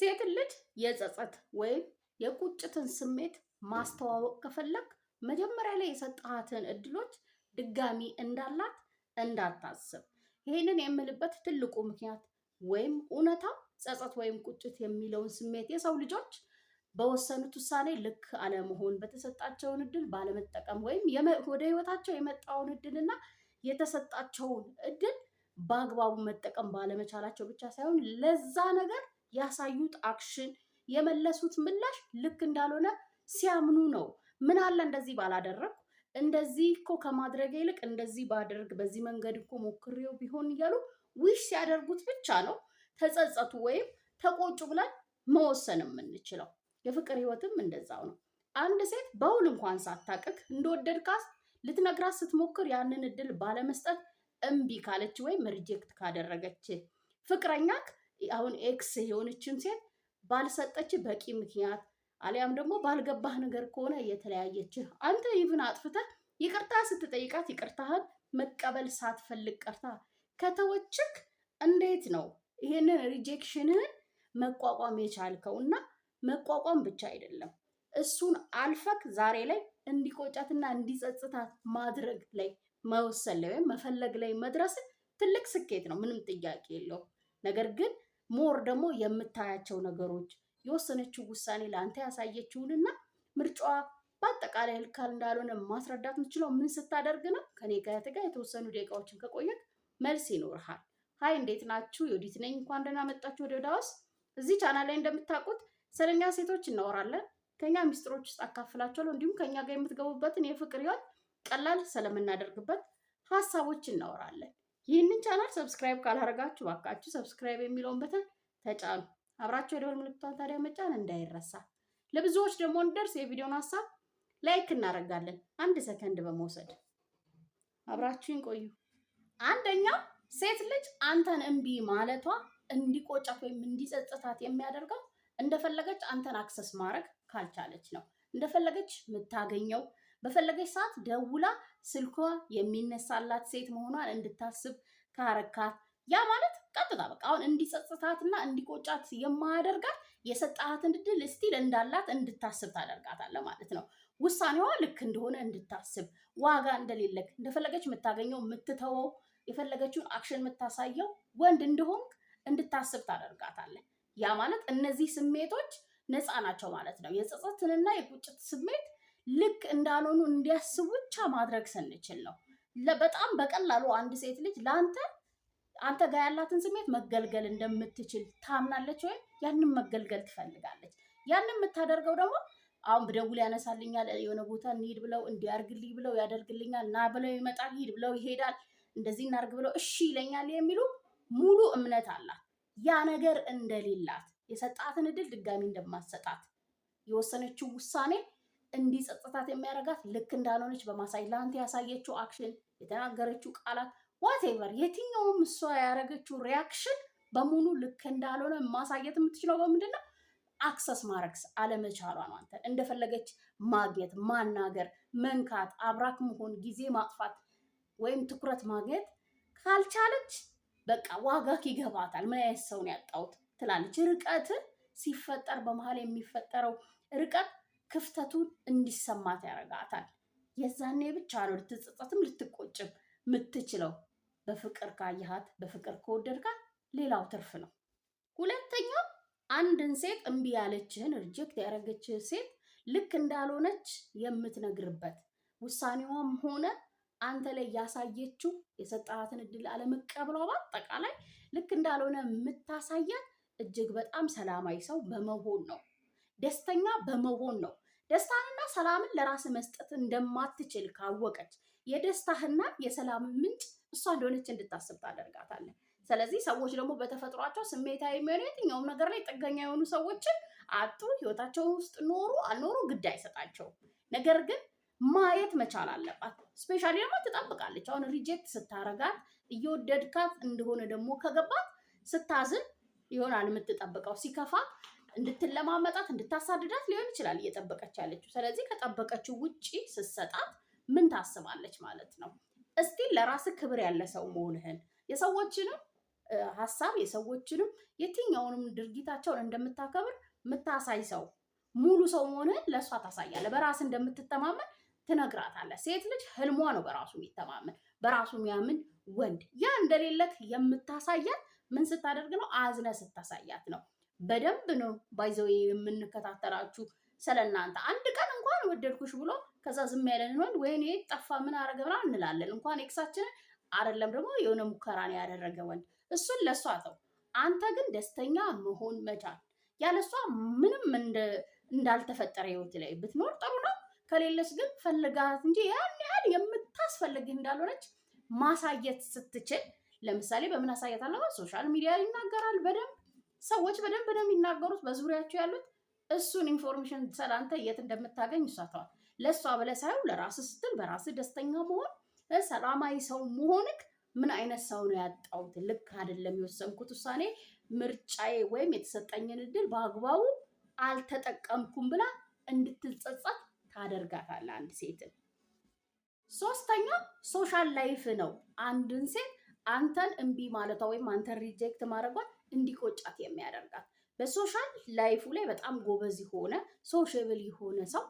ሴት ልጅ የጸጸት ወይም የቁጭትን ስሜት ማስተዋወቅ ከፈለግ መጀመሪያ ላይ የሰጠሃትን እድሎች ድጋሚ እንዳላት እንዳታስብ። ይህንን የምልበት ትልቁ ምክንያት ወይም እውነታ ጸጸት ወይም ቁጭት የሚለውን ስሜት የሰው ልጆች በወሰኑት ውሳኔ ልክ አለመሆን፣ በተሰጣቸውን እድል ባለመጠቀም ወይም ወደ ህይወታቸው የመጣውን እድልና የተሰጣቸውን እድል በአግባቡ መጠቀም ባለመቻላቸው ብቻ ሳይሆን ለዛ ነገር ያሳዩት አክሽን የመለሱት ምላሽ ልክ እንዳልሆነ ሲያምኑ ነው። ምን አለ እንደዚህ ባላደረግኩ፣ እንደዚህ እኮ ከማድረግ ይልቅ እንደዚህ ባደርግ፣ በዚህ መንገድ እኮ ሞክሬው ቢሆን እያሉ ዊሽ ሲያደርጉት ብቻ ነው ተጸጸቱ ወይም ተቆጩ ብለን መወሰን የምንችለው። የፍቅር ህይወትም እንደዛው ነው። አንድ ሴት በውል እንኳን ሳታቅክ እንደወደድካት ልትነግራት ስትሞክር ያንን እድል ባለመስጠት እምቢ ካለች ወይም ሪጀክት ካደረገች ፍቅረኛክ አሁን ኤክስ የሆነችን ሴት ባልሰጠች በቂ ምክንያት አሊያም ደግሞ ባልገባህ ነገር ከሆነ ነው። አንተ ይብን አጥፍተህ ይቅርታ ስትጠይቃት ይቅርታህን መቀበል ሳትፈልግ ቀርታ ከተወችክ እንዴት ነው ይሄንን ሪጀክሽንህን መቋቋም የቻልከው? እና መቋቋም ብቻ አይደለም እሱን አልፈክ ዛሬ ላይ እንዲቆጫትና እንዲጸጽታት ማድረግ ላይ መወሰን ላይ ወይም መፈለግ ላይ መድረስን ትልቅ ስኬት ነው፣ ምንም ጥያቄ የለው ነገር ግን ሞር ደግሞ የምታያቸው ነገሮች የወሰነችው ውሳኔ ለአንተ ያሳየችውንና ምርጫዋ በአጠቃላይ ልካል እንዳልሆነ ማስረዳት የምችለው ምን ስታደርግ ነው? ከኔ ጋር ጋር የተወሰኑ ደቂቃዎችን ከቆየት መልስ ይኖርሃል። ሀይ እንዴት ናችሁ? የወዲት ነኝ። እንኳን ደህና መጣችሁ ወደ ዮድ እዚህ ቻናል ላይ እንደምታውቁት ስለኛ ሴቶች እናወራለን። ከኛ ሚስጥሮች ውስጥ አካፍላችኋለሁ። እንዲሁም ከኛ ጋር የምትገቡበትን የፍቅር ህይወት ቀላል ስለምናደርግበት ሀሳቦች እናወራለን። ይህንን ቻናል ሰብስክራይብ ካላደረጋችሁ ባካችሁ ሰብስክራይብ የሚለውን በተን ተጫኑ። አብራችሁ የደወል ምልክቷን ታዲያ መጫን እንዳይረሳ። ለብዙዎች ደግሞ እንደርስ የቪዲዮን ሀሳብ ላይክ እናደርጋለን። አንድ ሰከንድ በመውሰድ አብራችሁን ቆዩ። አንደኛው ሴት ልጅ አንተን እምቢ ማለቷ እንዲቆጫት ወይም እንዲጸጸታት የሚያደርገው እንደፈለገች አንተን አክሰስ ማድረግ ካልቻለች ነው። እንደፈለገች የምታገኘው በፈለገች ሰዓት ደውላ ስልኳ የሚነሳላት ሴት መሆኗን እንድታስብ ካረካት ያ ማለት ቀጥታ በቃ አሁን እንዲጸጽታትና እንዲቆጫት የማያደርጋት የሰጣትን እድል እስቲል እንዳላት እንድታስብ ታደርጋታለህ ማለት ነው። ውሳኔዋ ልክ እንደሆነ እንድታስብ ዋጋ እንደሌለክ እንደፈለገች የምታገኘው የምትተወው የፈለገችውን አክሽን የምታሳየው ወንድ እንደሆንክ እንድታስብ ታደርጋታለህ። ያ ማለት እነዚህ ስሜቶች ነፃ ናቸው ማለት ነው። የጸጸትንና የቁጭት ስሜት ልክ እንዳልሆኑ እንዲያስቡ ብቻ ማድረግ ስንችል ነው። በጣም በቀላሉ አንድ ሴት ልጅ ለአንተ አንተ ጋር ያላትን ስሜት መገልገል እንደምትችል ታምናለች፣ ወይም ያንን መገልገል ትፈልጋለች። ያንን የምታደርገው ደግሞ አሁን ብደውል ያነሳልኛል፣ የሆነ ቦታ እንሂድ ብለው እንዲያርግልኝ ብለው ያደርግልኛል፣ ና ብለው ይመጣል፣ ሂድ ብለው ይሄዳል፣ እንደዚህ እናርግ ብለው እሺ ይለኛል የሚሉ ሙሉ እምነት አላት። ያ ነገር እንደሌላት የሰጣትን እድል ድጋሚ እንደማትሰጣት የወሰነችው ውሳኔ እንዲጸጽታት የሚያደርጋት ልክ እንዳልሆነች በማሳይ ለአንተ ያሳየችው አክሽን፣ የተናገረችው ቃላት፣ ዋቴቨር የትኛውም እሷ ያደረገችው ሪያክሽን በሙሉ ልክ እንዳልሆነ ማሳየት የምትችለው በምንድን ነው? አክሰስ ማድረግስ አለመቻሏ ነው። አንተ እንደፈለገች ማግኘት፣ ማናገር፣ መንካት፣ አብራክ መሆን፣ ጊዜ ማጥፋት ወይም ትኩረት ማግኘት ካልቻለች በቃ ዋጋ ይገባታል። ምን አይነት ሰውን ያጣሁት ትላለች። ርቀት ሲፈጠር በመሀል የሚፈጠረው ርቀት ክፍተቱን እንዲሰማት ያደርጋታል። የዛኔ ብቻ ነው ልትጸጸትም ልትቆጭም ምትችለው። በፍቅር ካየሃት፣ በፍቅር ከወደድካት ሌላው ትርፍ ነው። ሁለተኛው አንድን ሴት እምቢ ያለችህን ሪጀክት ያደረገችህ ሴት ልክ እንዳልሆነች የምትነግርበት ውሳኔዋም ሆነ አንተ ላይ ያሳየችው የሰጣትን እድል አለመቀበሏ በአጠቃላይ ልክ እንዳልሆነ የምታሳያት እጅግ በጣም ሰላማዊ ሰው በመሆን ነው፣ ደስተኛ በመሆን ነው። ደስታንና ሰላምን ለራስ መስጠት እንደማትችል ካወቀች የደስታህና የሰላም ምንጭ እሷ እንደሆነች እንድታስብ ታደርጋታለህ። ስለዚህ ሰዎች ደግሞ በተፈጥሯቸው ስሜታዊ የሚሆኑ የትኛውም ነገር ላይ ጥገኛ የሆኑ ሰዎችን አጡ ህይወታቸው ውስጥ ኖሩ አልኖሩ ግድ አይሰጣቸውም። ነገር ግን ማየት መቻል አለባት። ስፔሻሊ ደግሞ ትጠብቃለች። አሁን ሪጀክት ስታረጋት እየወደድካት እንደሆነ ደግሞ ከገባት ስታዝን ይሆናል የምትጠብቀው ሲከፋ እንድትለማመጣት እንድታሳድዳት ሊሆን ይችላል እየጠበቀች ያለችው። ስለዚህ ከጠበቀችው ውጪ ስትሰጣት ምን ታስባለች ማለት ነው? እስቲ ለራስ ክብር ያለ ሰው መሆንህን የሰዎችንም ሀሳብ የሰዎችንም የትኛውንም ድርጊታቸውን እንደምታከብር የምታሳይ ሰው ሙሉ ሰው መሆንህን ለእሷ ታሳያለህ። በራስ እንደምትተማመን ትነግራታለህ። ሴት ልጅ ህልሟ ነው በራሱ የሚተማመን በራሱ የሚያምን ወንድ። ያ እንደሌለት የምታሳያት ምን ስታደርግ ነው? አዝነ ስታሳያት ነው። በደንብ ነው ባይዘው የምንከታተላችሁ ስለ እናንተ አንድ ቀን እንኳን ወደድኩሽ ብሎ ከዛ ዝም ያለን ወንድ ወይኔ ጠፋ ምን አረገ ብላ እንላለን። እንኳን ኤክሳችንን አይደለም ደግሞ የሆነ ሙከራን ያደረገ ወንድ እሱን ለእሷ ተው። አንተ ግን ደስተኛ መሆን መቻል ያለሷ ምንም እንዳልተፈጠረ ህይወት ላይ ብትኖር ጥሩ ነው። ከሌለች ግን ፈልጋት እንጂ ያን ያህል የምታስፈልግህ እንዳልሆነች ማሳየት ስትችል፣ ለምሳሌ በምን አሳየት አለባት? ሶሻል ሚዲያ ይናገራል በደንብ ሰዎች በደንብ ነው የሚናገሩት በዙሪያቸው ያሉት። እሱን ኢንፎርሜሽን ሰላንተ የት እንደምታገኝ ይሳተዋል። ለእሷ ብለህ ሳይሆን ለራስ ስትል በራስ ደስተኛ መሆን ሰላማዊ ሰው መሆንክ ምን አይነት ሰው ነው ያጣሁት? ልክ አይደለም የወሰንኩት ውሳኔ፣ ምርጫዬ ወይም የተሰጠኝን እድል በአግባቡ አልተጠቀምኩም ብላ እንድትጸጸት ታደርጋታለህ አንድ ሴትን። ሶስተኛ ሶሻል ላይፍ ነው። አንድን ሴት አንተን እምቢ ማለቷ ወይም አንተን ሪጀክት ማድረጓል እንዲቆጫት የሚያደርጋት በሶሻል ላይፉ ላይ በጣም ጎበዝ የሆነ ሶሽብል የሆነ ሰው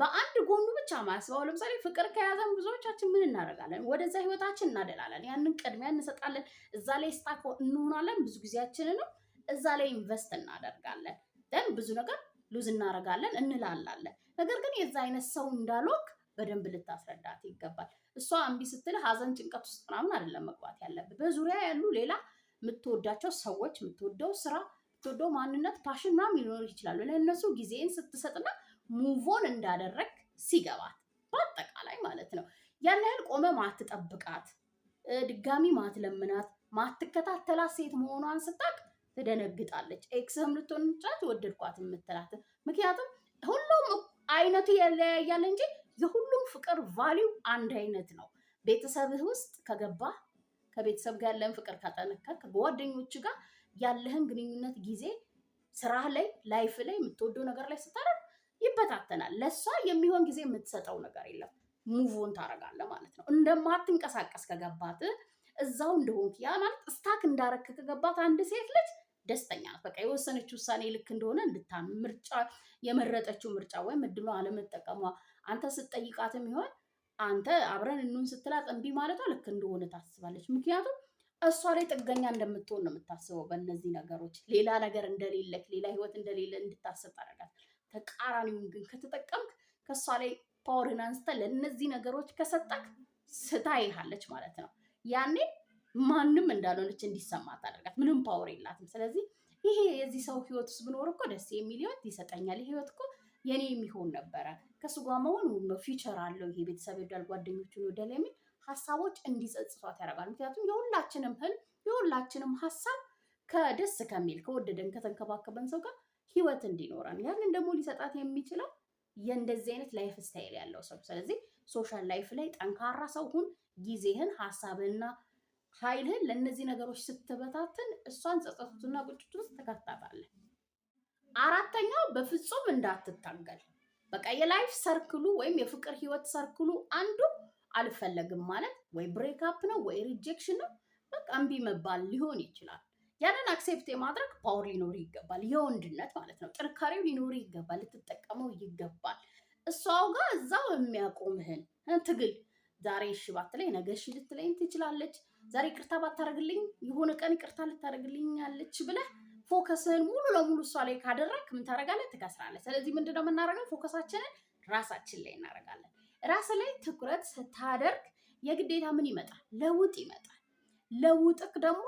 በአንድ ጎኑ ብቻ ማስበው። ለምሳሌ ፍቅር ከያዘን ብዙዎቻችን ምን እናደርጋለን? ወደዛ ህይወታችን እናደላለን። ያንን ቅድሚያ እንሰጣለን። እዛ ላይ ስታክ እንሆናለን። ብዙ ጊዜያችንንም እዛ ላይ ኢንቨስት እናደርጋለን። ደን ብዙ ነገር ሉዝ እናደርጋለን፣ እንላላለን። ነገር ግን የዛ አይነት ሰው እንዳልወቅ በደንብ ልታስረዳት ይገባል። እሷ አንቢ ስትል ሀዘን ጭንቀት ውስጥ ምናምን አይደለም መግባት ያለብህ። በዙሪያ ያሉ ሌላ የምትወዳቸው ሰዎች፣ የምትወደው ስራ፣ የምትወደው ማንነት፣ ፓሽን ምናምን ሊኖር ይችላሉ። ለእነሱ ጊዜን ስትሰጥና ሙቮን እንዳደረግ ሲገባት በአጠቃላይ ማለት ነው ያን ያህል ቆመ ማትጠብቃት ድጋሚ ማትለምናት ማትከታተላት ሴት መሆኗን ስታቅ ትደነግጣለች። ኤክስህም ልትሆን ጫት ወደድኳት የምትላት ምክንያቱም ሁሉም አይነቱ ያለያያል እንጂ የሁሉም ፍቅር ቫሊው አንድ አይነት ነው። ቤተሰብህ ውስጥ ከገባህ ከቤተሰብ ጋር ያለህን ፍቅር ካጠነከርክ፣ በጓደኞች ጋር ያለህን ግንኙነት ጊዜ ስራ ላይ ላይፍ ላይ የምትወደው ነገር ላይ ስታደርግ ይበታተናል። ለእሷ የሚሆን ጊዜ የምትሰጠው ነገር የለም። ሙቮን ታደርጋለህ ማለት ነው። እንደማትንቀሳቀስ ከገባት እዛው እንደሆንክ ያ ማለት ስታክ እንዳረክ ከገባት አንድ ሴት ልጅ ደስተኛ ናት። በቃ የወሰነች ውሳኔ ልክ እንደሆነ እንድታ ምርጫ የመረጠችው ምርጫ ወይም እድሏ አለመጠቀሟ አንተ ስትጠይቃትም ይሆን አንተ አብረን እንሁን ስትላት እምቢ ማለቷ ልክ እንደሆነ ታስባለች። ምክንያቱም እሷ ላይ ጥገኛ እንደምትሆን ነው የምታስበው። በእነዚህ ነገሮች ሌላ ነገር እንደሌለክ፣ ሌላ ህይወት እንደሌለ እንድታስብ ታደርጋት። ተቃራኒውን ግን ከተጠቀምክ ከእሷ ላይ ፓወርን አንስተ ለእነዚህ ነገሮች ከሰጠክ ስታይሃለች ማለት ነው። ያኔ ማንም እንዳልሆነች እንዲሰማ ታደርጋት። ምንም ፓወር የላትም። ስለዚህ ይሄ የዚህ ሰው ህይወት ውስጥ ብኖር እኮ ደስ የሚል ህይወት ይሰጠኛል፣ ይህ ህይወት እኮ የኔ የሚሆን ነበረ። ከሱ ጋር መሆን ፊቸር አለው ይሄ ቤተሰብ ይወዳል፣ ጓደኞቹን ይወዳል የሚል ሀሳቦች እንዲጸጽቷት ያደርጋል። ምክንያቱም የሁላችንም ህልም የሁላችንም ሀሳብ ከደስ ከሚል ከወደደን ከተንከባከበን ሰው ጋር ህይወት እንዲኖረን ያንን ደግሞ ሊሰጣት የሚችለው የእንደዚህ አይነት ላይፍ ስታይል ያለው ሰው። ስለዚህ ሶሻል ላይፍ ላይ ጠንካራ ሰው ሁን። ጊዜህን ሀሳብህና ኃይልህን ለእነዚህ ነገሮች ስትበታትን እሷን ጸጸቱትና ቁጭት ውስጥ ትከታታለህ። አራተኛው በፍጹም እንዳትታገል። በቃ የላይፍ ሰርክሉ ወይም የፍቅር ህይወት ሰርክሉ አንዱ አልፈለግም ማለት ወይ ብሬክአፕ ነው ወይ ሪጀክሽን ነው። በቃ እምቢ መባል ሊሆን ይችላል። ያንን አክሴፕት የማድረግ ፓወር ሊኖር ይገባል። የወንድነት ማለት ነው። ጥንካሬው ሊኖር ይገባል። ልትጠቀመው ይገባል። እሷው ጋር እዛው የሚያቆምህን ትግል ዛሬ እሺ ባትለኝ ነገ እሺ ልትለኝ ትችላለች። ዛሬ ቅርታ ባታደርግልኝ የሆነ ቀን ይቅርታ ልታደርግልኛለች ብለህ ፎከስን ሙሉ ለሙሉ እሷ ላይ ካደረግ ምን ታደርጋለህ? ትከስራለህ። ስለዚህ ምንድነው የምናደርገው? ፎከሳችንን ራሳችን ላይ እናደርጋለን። ራስ ላይ ትኩረት ስታደርግ የግዴታ ምን ይመጣል? ለውጥ ይመጣል። ለውጥክ ደግሞ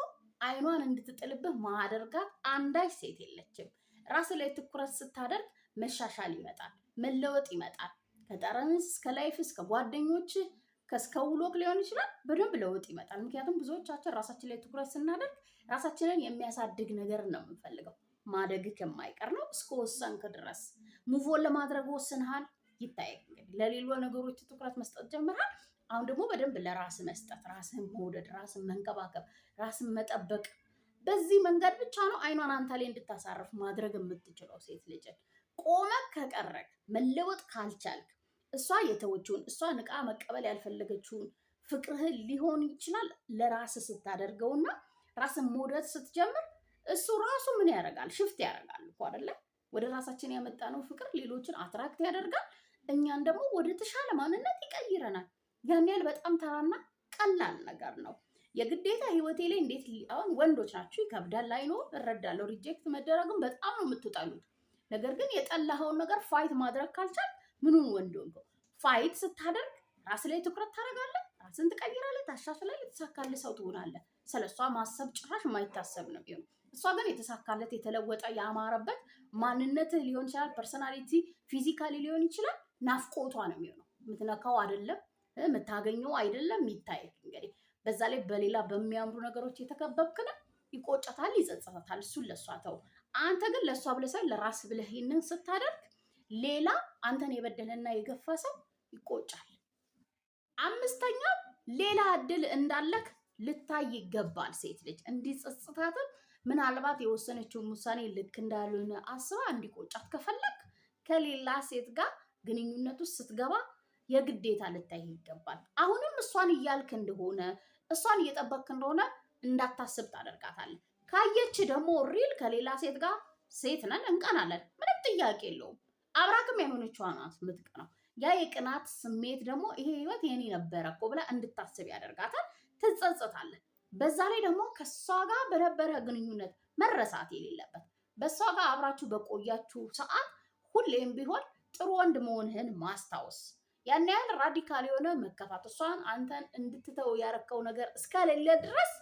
አይኗን እንድትጥልብህ ማደርጋት አንዳች ሴት የለችም። ራስ ላይ ትኩረት ስታደርግ መሻሻል ይመጣል፣ መለወጥ ይመጣል። ከጠረንስ እስከ ከጓደኞችህ ከስከውሎክ ሊሆን ይችላል። በደንብ ለውጥ ይመጣል። ምክንያቱም ብዙዎቻችን ራሳችን ላይ ትኩረት ስናደርግ ራሳችንን የሚያሳድግ ነገር ነው የምንፈልገው። ማደግ ከማይቀር ነው ወሰንክ ድረስ ሙቮን ለማድረግ ወስንሃል። ይታያል እንግዲህ ለሌሎ ነገሮች ትኩረት መስጠት ጀምራል። አሁን ደግሞ በደንብ ለራስ መስጠት፣ ራስን መውደድ፣ ራስን መንከባከብ፣ ራስን መጠበቅ በዚህ መንገድ ብቻ ነው አይኗን አንተ ላይ እንድታሳርፍ ማድረግ የምትችለው ሴት ልጅን። ቆመ ከቀረክ መለወጥ ካልቻልክ እሷ የተወችውን እሷ ንቃ መቀበል ያልፈለገችውን ፍቅርህን ሊሆን ይችላል ለራስ ስታደርገውና ራስን መውደድ ስትጀምር እሱ ራሱ ምን ያደርጋል? ሽፍት ያደርጋል እኮ አደለ? ወደ ራሳችን ያመጣነው ፍቅር ሌሎችን አትራክት ያደርጋል፣ እኛን ደግሞ ወደ ተሻለ ማንነት ይቀይረናል። ያን ያህል በጣም ተራና ቀላል ነገር ነው። የግዴታ ህይወቴ ላይ እንዴት አሁን ወንዶች ናቸው ይከብዳል፣ ላይ እረዳለሁ። ሪጀክት መደረግም በጣም ነው የምትጠሉት። ነገር ግን የጠላኸውን ነገር ፋይት ማድረግ ካልቻል ምኑን ወንድ ሆንከው? ፋይት ስታደርግ ራስ ላይ ትኩረት ታደርጋለህ፣ ራስን ትቀይራለህ፣ ታሻሽላለህ፣ የተሳካልህ ሰው ትሆናለህ። ስለ እሷ ማሰብ ጭራሽ የማይታሰብ ነው ቢሆን እሷ ግን የተሳካለት የተለወጠ ያማረበት ማንነትህ ሊሆን ይችላል፣ ፐርሰናሊቲ ፊዚካሊ ሊሆን ይችላል። ናፍቆቷ ነው የሚሆነው። የምትነካው አይደለም፣ የምታገኘው አይደለም። ይታይ እንግዲህ በዛ ላይ በሌላ በሚያምሩ ነገሮች የተከበብክነ ይቆጨታል፣ ይጸጸታታል። እሱን ለእሷ ተው። አንተ ግን ለእሷ ብለህ ሳይሆን ለራስ ብለህ ይህንን ስታደርግ ሌላ አንተን የበደለና የገፋ ሰው ይቆጫል። አምስተኛው ሌላ እድል እንዳለክ ልታይ ይገባል። ሴት ልጅ እንዲጸጽታትም ምናልባት የወሰነችውን ውሳኔ ልክ እንዳልሆነ አስባ እንዲቆጫት ከፈለግ ከሌላ ሴት ጋር ግንኙነት ውስጥ ስትገባ የግዴታ ልታይ ይገባል። አሁንም እሷን እያልክ እንደሆነ እሷን እየጠበቅክ እንደሆነ እንዳታስብ ታደርጋታለህ። ካየች ደግሞ ሪል ከሌላ ሴት ጋር ሴት ነን እንቀናለን፣ ምንም ጥያቄ የለውም። አብራክም የሆነችዋ ናት ነው። ያ የቅናት ስሜት ደግሞ ይሄ ህይወት የኔ ነበረ እኮ ብላ እንድታስብ ያደርጋታል። ትጸጸታለህ። በዛ ላይ ደግሞ ከእሷ ጋር በነበረ ግንኙነት መረሳት የሌለበት በእሷ ጋር አብራችሁ በቆያችሁ ሰዓት ሁሌም ቢሆን ጥሩ ወንድ መሆንህን ማስታወስ ያን ያህል ራዲካል የሆነ መከፋት እሷን አንተን እንድትተው ያረከው ነገር እስከሌለ ድረስ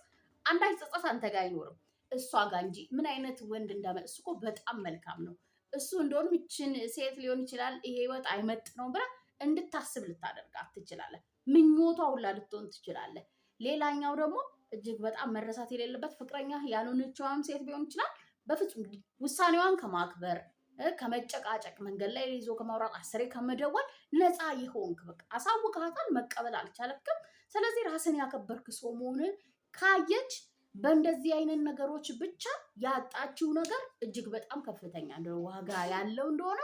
አንዳች ጸጸት አንተ ጋር አይኖርም፣ እሷ ጋር እንጂ። ምን አይነት ወንድ እንዳመ እሱ እኮ በጣም መልካም ነው። እሱ እንደውም ይችን ሴት ሊሆን ይችላል ይሄ ህይወት አይመጥ ነው ብላ እንድታስብ ልታደርጋት ትችላለህ። ምኞቷ ሁላ ልትሆን ትችላለህ። ሌላኛው ደግሞ እጅግ በጣም መረሳት የሌለበት ፍቅረኛ ያልሆነችዋም ሴት ቢሆን ይችላል በፍጹም ውሳኔዋን ከማክበር ከመጨቃጨቅ መንገድ ላይ ይዞ ከማውራት አስሬ ከመደወል ነፃ የሆንክ በቃ አሳውቃታል፣ መቀበል አልቻለክም። ስለዚህ ራስን ያከበርክ ሰው መሆንን ካየች በእንደዚህ አይነት ነገሮች ብቻ ያጣችው ነገር እጅግ በጣም ከፍተኛ እንደሆነ ዋጋ ያለው እንደሆነ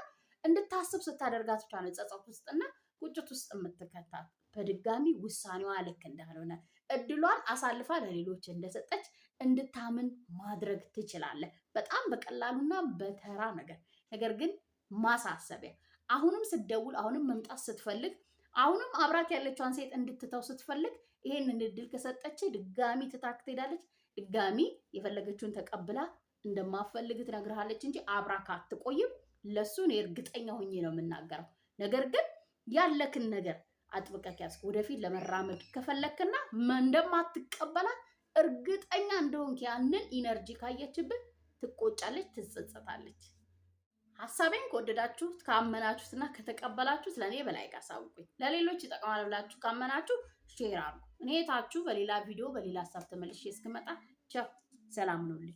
እንድታስብ ስታደርጋት ብቻ ነው ጸጸት ውስጥና ቁጭት ውስጥ የምትከታት። በድጋሚ ውሳኔዋ ልክ እንዳልሆነ እድሏን አሳልፋ ለሌሎች እንደሰጠች እንድታምን ማድረግ ትችላለህ። በጣም በቀላሉና በተራ ነገር ነገር ግን ማሳሰቢያ አሁንም ስደውል አሁንም መምጣት ስትፈልግ፣ አሁንም አብራክ ያለችዋን ሴት እንድትተው ስትፈልግ ይህንን እድል ከሰጠች ድጋሚ ትታክ ትሄዳለች። ድጋሚ የፈለገችውን ተቀብላ እንደማፈልግ ትነግርሃለች እንጂ አብራክ አትቆይም። ለእሱን እርግጠኛ ሆኜ ነው የምናገረው። ነገር ግን ያለክን ነገር አጥብቀህ ያዝክ። ወደፊት ለመራመድ ከፈለክና እንደማትቀበላት እርግጠኛ እንደሆንክ ያንን ኢነርጂ ካየችብን ትቆጫለች፣ ትጸጸታለች። ሀሳቤን ከወደዳችሁት ካመናችሁትና ከተቀበላችሁት ለእኔ በላይ አሳውቁኝ። ለሌሎች ይጠቅማል ብላችሁ ካመናችሁ ሼር አርጉ። እኔ ታችሁ በሌላ ቪዲዮ በሌላ ሀሳብ ተመልሼ እስክመጣ ቻው፣ ሰላም ኑልኝ።